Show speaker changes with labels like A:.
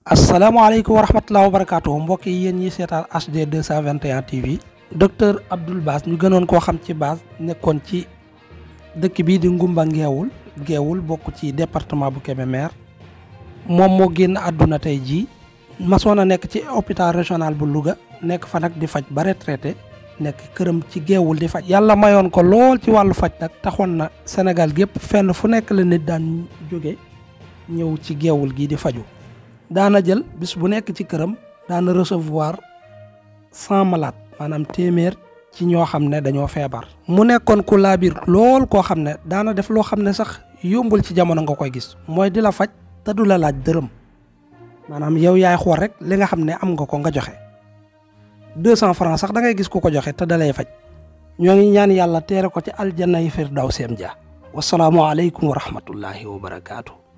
A: Assalamualaikum wa wabarakatuh. wa barakaatu mbokk yi ñi sétal HD 221 TV docteur Abdul Bass ñu gënon ko xam ci Bass nekkon ci dëkk bi di Ngumba Ngeewul Ngeewul bok ci département bu Kébémer moom moo génn àdduna tey jii masoon a nekk ci hôpital régional bu Louga nekk fa nak di faj ba retraité nekk kërëm ci di faj. yalla mayon ko lool ci walu faj nak taxon na Sénégal gépp fenn fu nekk la nit daan joggé ñëw ci Ngeewul gi di faju daana jël bis bu nekk ci këram daana recevoir cent malade maanaam téeméer ci ñoo xam ne dañoo feebar mu nekkoon ku laabir lool koo xam ne daana def loo xam sax yombul ci jamono nga koy gis mooy di la faj te du laaj dërëm maanaam yow yaay xool rek li nga xam ne am nga ko nga joxe 200 francs sax da ngay gis ku ko joxe te dalay lay faj ñoo ngi ñaan yàlla teere ko ci aljanna yi seem ja wasalaamu alaykum wa
B: rahmatullahi wa barakatuh